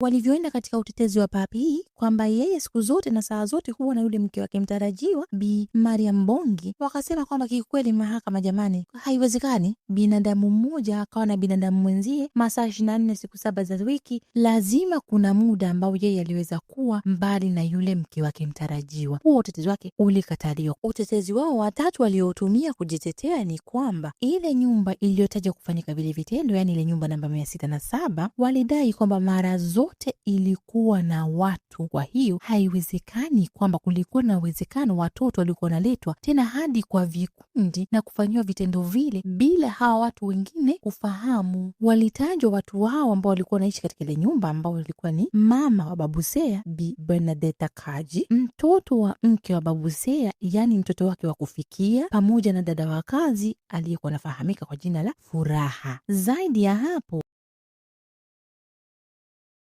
walivyoenda katika utetezi wa Papii kwamba yeye siku zote na saa zote huwa na yule mke wake mtarajiwa Bi Mariam Bongi, wakasema kwamba kiukweli, mahakama jamani, haiwezekani binadamu mmoja akawa na binadamu mwenzie masaa ishirini na nne siku saba za wiki. Lazima kuna muda ambao yeye aliweza kuwa mbali na yule mke wake mtarajiwa. Huo utetezi wake ulikataliwa. Utetezi wao watatu waliotumia kujitetea ni kwamba ile nyumba iliyotaja kufanyika vile vitendo, yani ile nyumba namba mia sita na saba walidai kwamba mara zote yote ilikuwa na watu. Kwa hiyo haiwezekani kwamba kulikuwa na uwezekano watoto walikuwa wanaletwa tena hadi kwa vikundi na kufanyiwa vitendo vile bila hawa watu wengine kufahamu. Walitajwa watu wao ambao walikuwa wanaishi katika ile nyumba, ambao walikuwa ni mama wa Babusea, Bi Bernadeta Kaji, mtoto wa mke wa Babusea, yaani mtoto wake wa kufikia, pamoja na dada wa kazi aliyekuwa anafahamika kwa jina la Furaha. Zaidi ya hapo